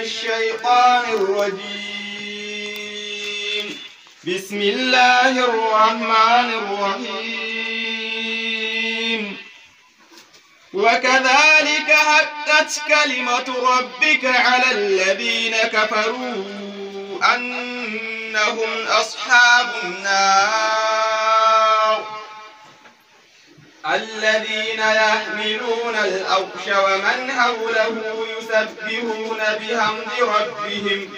الشيطان الرجيم بسم الله الرحمن الرحيم وكذلك حقت كلمة ربك على الذين كفروا أنهم أصحاب النار الذين يحملون الأرش ومن حوله يسبحون بحمد ربهم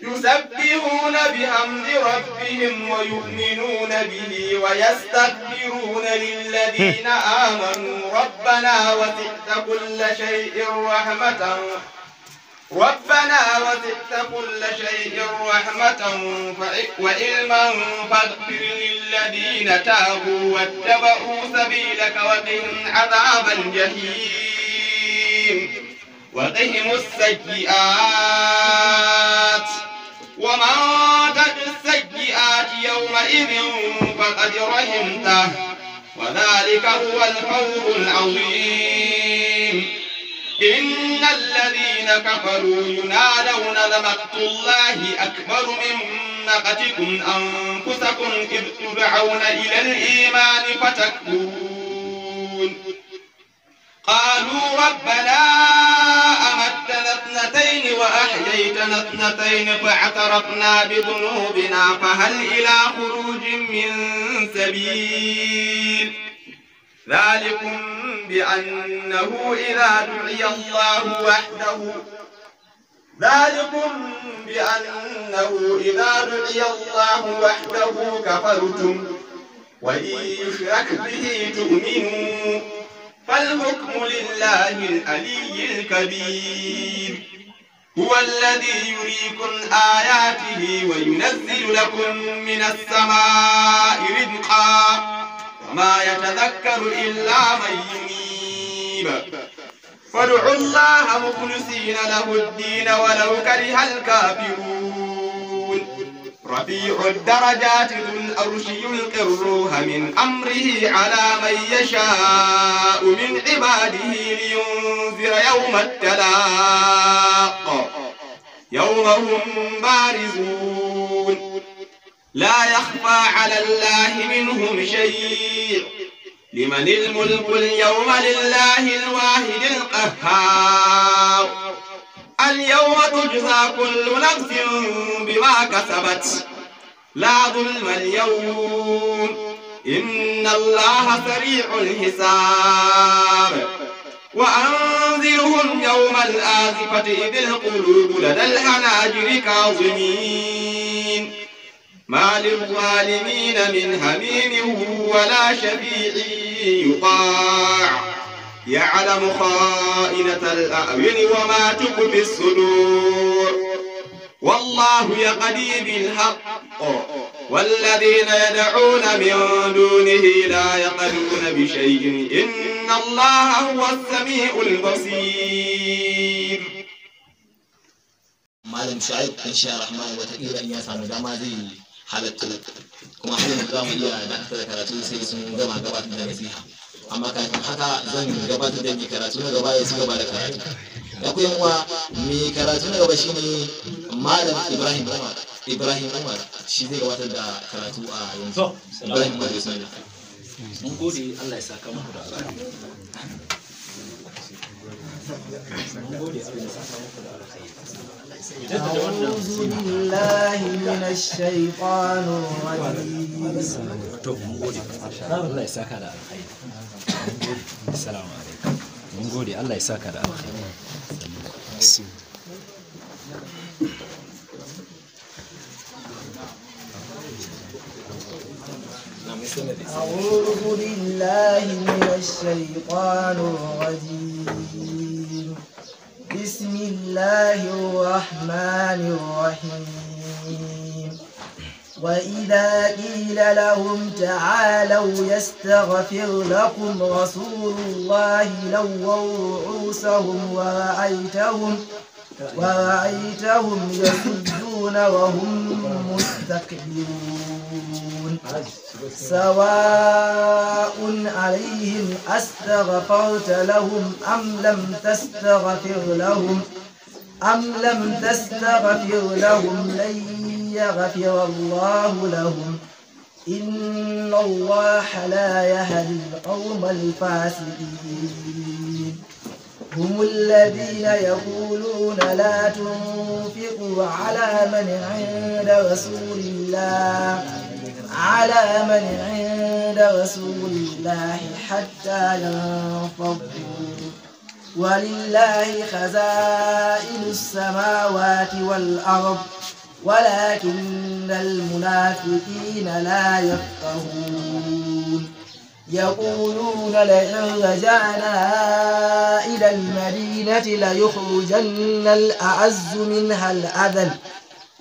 يسبحون بحمد ربهم ويؤمنون به ويستكبرون للذين آمنوا ربنا وتحت كل شيء رحمة ربنا وتحت كل شيء رحمة وعلما فاغفر للذين تابوا واتبعوا سبيلك وقهم عذاب الجحيم وقهم السيئات ومن تد السيئات يومئذ فقد رحمته وذلك هو الفوز العظيم إن الذين كفروا ينادون لمقت الله أكبر من مقتكم أنفسكم إذ تدعون إلى الإيمان فتكفرون قالوا ربنا أمتنا اثنتين وأحييتنا اثنتين فاعترفنا بذنوبنا فهل إلى خروج من سبيل ذلكم بأنه إذا دعي الله وحده ذلكم بأنه إذا دعي الله وحده كفرتم وإن يشرك به تؤمنون فالحكم لله العلي الكبير هو الذي يريكم آياته وينزل لكم من السماء رزقا وما يتذكر إلا من ينيب فادعوا الله مخلصين له الدين ولو كره الكافرون رفيع الدرجات ذو الأرش يلقي من أمره على من يشاء من عباده لينذر يوم التلاق يوم هم بارزون لا يخفى على الله منهم شيء لمن الملك اليوم لله الواحد القهار اليوم تجزى كل نفس بما كسبت لا ظلم اليوم إن الله سريع الحساب وأنذرهم يوم الآزفة إذ القلوب لدى الحناجر كاظمين ما للظالمين من هميم ولا شفيع يطاع يعلم خائنة الأعين وما تخفي الصدور والله يقدير الحق والذين يدعون من دونه لا يقدرون بشيء إن الله هو السميع البصير مالم شعيب إن شاء الرحمن وتقير أن يسعنا جمادي حلقة كما حلم الدام إياه دعفة كراتوسي سنجمع قبات النسيحة amma makarantar haka zan gabatar da mai karatu na gaba ya su gaba da karatu da ku uwa mai karatu na gaba shine malam ibrahim umar ibrahim umar shi zai gabatar da karatu a yanzu ibrahim umar mun gode allah ya saka muku da أعوذ بالله من الشيطان الرجيم الله يساك على الخير السلام عليكم من قولي الله يساك على الخير أعوذ بالله من الشيطان الرجيم الله الرحمن الرحيم وإذا قيل لهم تعالوا يستغفر لكم رسول الله لووا رؤوسهم ورأيتهم ورأيتهم يسجون وهم مستكبرون سواء عليهم أستغفرت لهم أم لم تستغفر لهم ۖ أم لم تستغفر لهم لن يغفر الله لهم إن الله لا يهدي القوم الفاسقين هم الذين يقولون لا تنفقوا على من عند رسول الله على من عند رسول الله حتى ينفضوا ولله خزائن السماوات والأرض ولكن المنافقين لا يفقهون يقولون لئن رجعنا إلى المدينة ليخرجن الأعز منها الأذل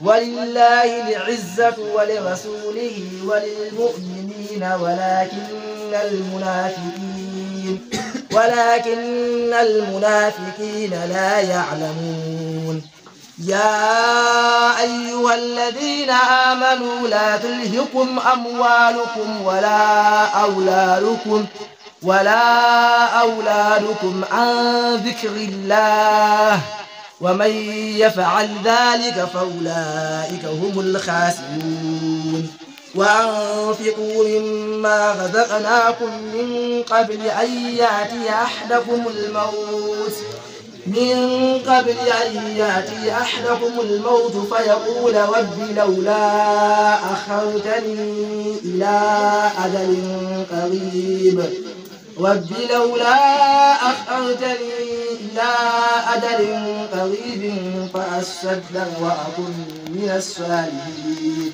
ولله العزة ولرسوله وللمؤمنين ولكن المنافقين ولكن المنافقين لا يعلمون يا أيها الذين آمنوا لا تلهكم أموالكم ولا أولادكم ولا أولادكم عن ذكر الله ومن يفعل ذلك فأولئك هم الخاسرون وأنفقوا مما رزقناكم من قبل أن يأتي أحدكم الموت من قبل أن يأتي أحدكم الموت فيقول رب لولا أخرتني إلى أجل قريب رب لولا أخرتني إلى أجل قريب فأصدق وأكن من الصالحين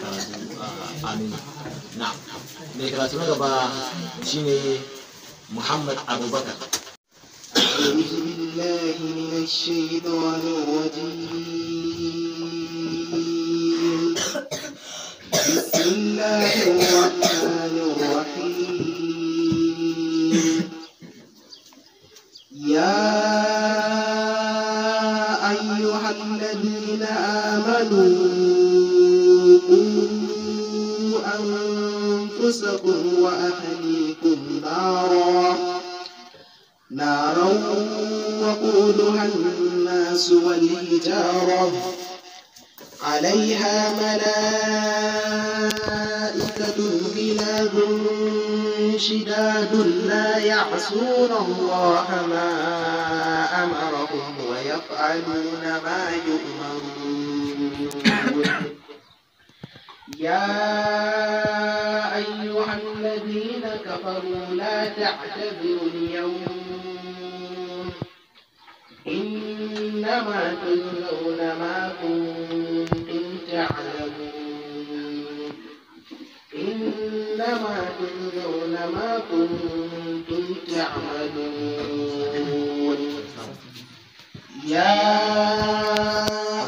karatu aminu na mai karatu na gaba shine muhammad abubakar بسم الله الرحمن الرحيم نارا وقودها الناس والحجارة عليها ملائكة غلاب شداد لا يعصون الله ما أمرهم ويفعلون ما يؤمرون يا أيها الذين كفروا لا تعتذروا اليوم إنما تجزون ما كنتم تعملون إنما تجزون ما كنتم تعملون يا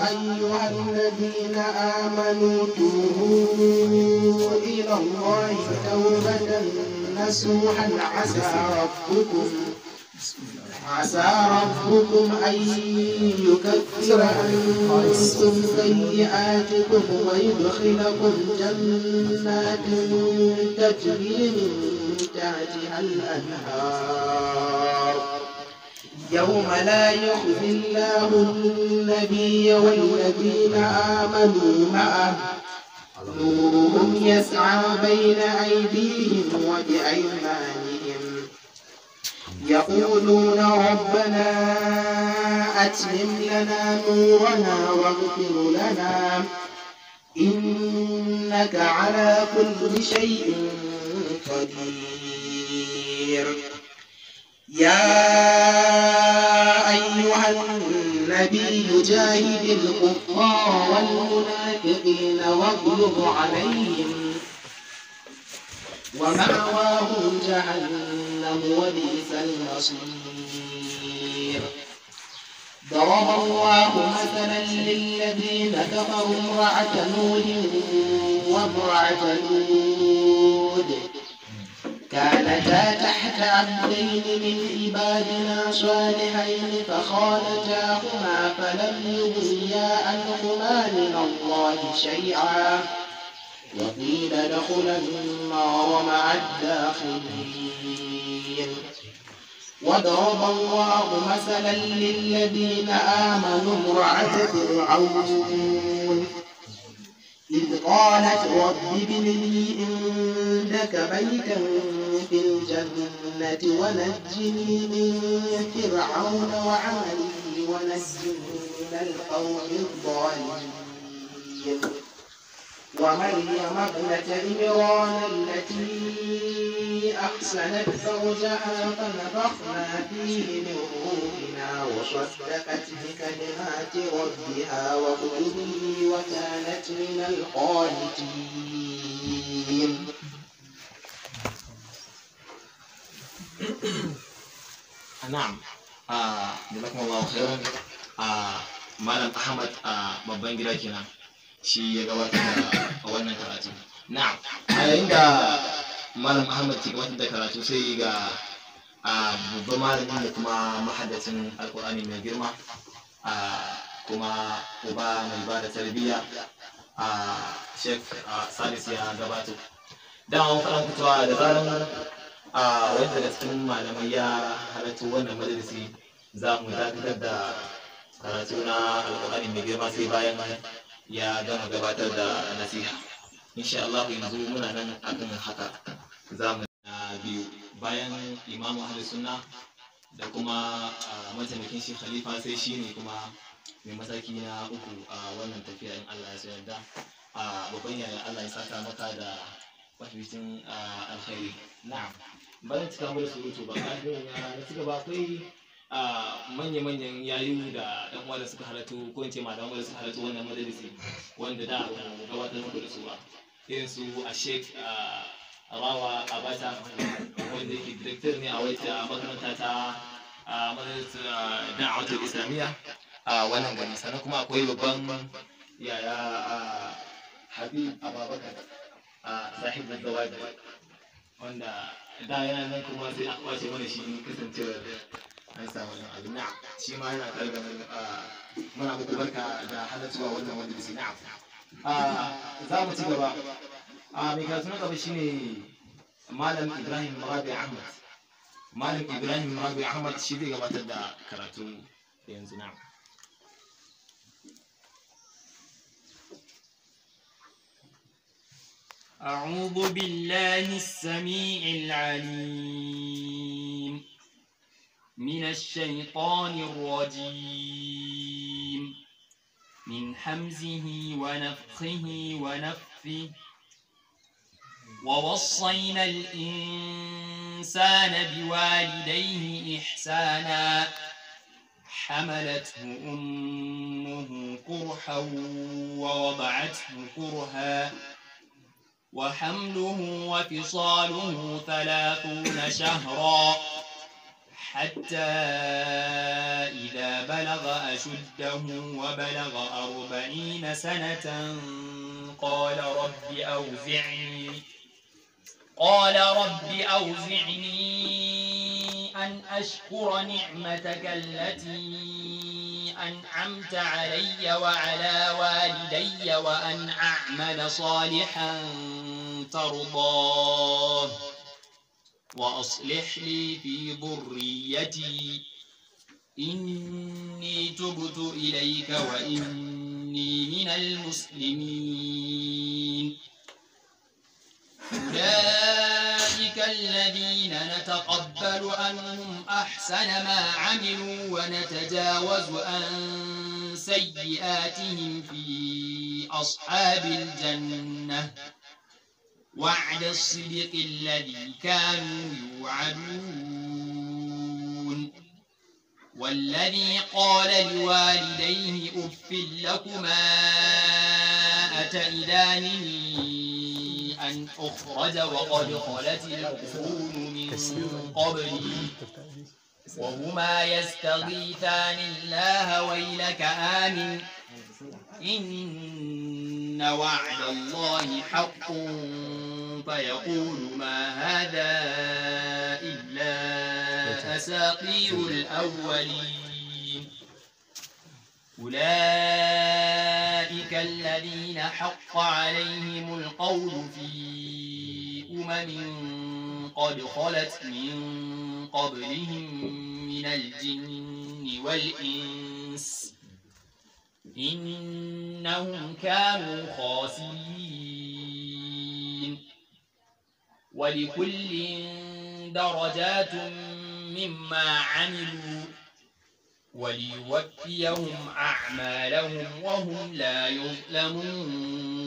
أيها الذين آمنوا توبوا إلى الله توبة نسوحا عسى ربكم عسى ربكم أن يكفر عنكم سيئاتكم ويدخلكم جنات تجري من تحتها الأنهار يوم لا يخزي الله النبي والذين آمنوا معه نورهم يسعى بين أيديهم وبأيمانهم يقولون ربنا أتمم لنا نورنا واغفر لنا إنك على كل شيء قدير يا أيها النبي جاهد الكفار والمنافقين واغلظ عليهم ومأواهم جهنم جهنم وبئس المصير ضرب الله مثلا للذين كفروا امرأة نور وامرأة نود كانتا تحت عبدين من عبادنا صالحين فخانتاهما فلم يغنيا عنهما من الله شيئا وقيل ادخلا النار مع الداخلين السبيل وضرب الله مثلا للذين آمنوا امرأة فرعون إذ قالت رب ابن لي عندك بيتا في الجنة ونجني من فرعون وعمله ونجني من القوم الظالمين ومريم ابنة إمران التي أحسنت فرجها فنفخنا فيه من روحنا وصدقت بكلمات ربها وكتبه وكانت من القانتين نعم آه، جزاكم الله خيرا آه، مالا ahmad بابا babban gida shi ya gabatar da wannan karatu na a yayin da malam ahmad ke gabatar da karatu sai ga babban malamin da kuma mahaddacin alkur'ani mai girma kuma uba mai ba da tarbiyya a shek salis ya gabato dama faɗan fitowa da zaran a wani daga cikin malamai ya halattu wannan majalisi za mu dakatar da karatu na alkur'ani mai girma sai bayan ya gama gabatar da nasiha insha Allah yanzu muna nan akan haka za mu na biyu bayan imamu ahli sunna da kuma mataimakin shi khalifa sai shi ne kuma mai mataki na uku a wannan tafiya in Allah ya so yarda a babban yaya Allah ya saka maka da mafificin alkhairi na'am bayan cika mu surutu ba ka ga na ci gaba akwai manya-manyan yayu da ɗan uwa da suka halatu ko in ce ɗan da suka halatu wannan madalisi wanda da gabatar da su ba irin su a sheik rawa a bata wanda yake director ne a wata makaranta ta majalisar wata islamiyya a wannan gari sannan kuma akwai babban yaya habib ababakar a sahib na gawaji wanda da yana nan kuma sai a kwace mana shi kasancewar an samu wannan abin na shi ma yana ɗarga ah, muna muku barka da halartuwa wannan wanda bisa na'am ah, za mu ci gaba a ah, mai karatu na gaba shine malam ibrahim rabi ahmad malam ibrahim rabi ahmad shi zai gabatar da karatu yanzu na'am أعوذ بالله السميع العليم من الشيطان الرجيم من حمزه ونفخه ونفثه ووصينا الإنسان بوالديه إحسانا حملته أمه كرحا ووضعته كرها وحمله وفصاله ثلاثون شهرا حتى إذا بلغ أشده وبلغ أربعين سنة قال رب أوزعني قال رب أوزعني أن أشكر نعمتك التي أنعمت علي وعلى والدي وأن أعمل صالحا ترضاه وأصلح لي في ذريتي إني تبت إليك وإني من المسلمين أولئك الذين نتقبل عنهم أحسن ما عملوا ونتجاوز عن سيئاتهم في أصحاب الجنة وعد الصدق الذي كانوا يوعدون والذي قال لوالديه أف لكما أتئذانه أن أخرج وقد خلت القرون من قبلي وهما يستغيثان الله ويلك آمن إن وعد الله حق فيقول ما هذا إلا أساطير الأولين أولئك الذين حق عليهم القول في أمم قد خلت من قبلهم من الجن والإنس إنهم كانوا خاسرين ولكل درجات مما عملوا وليوفيهم أعمالهم وهم لا يظلمون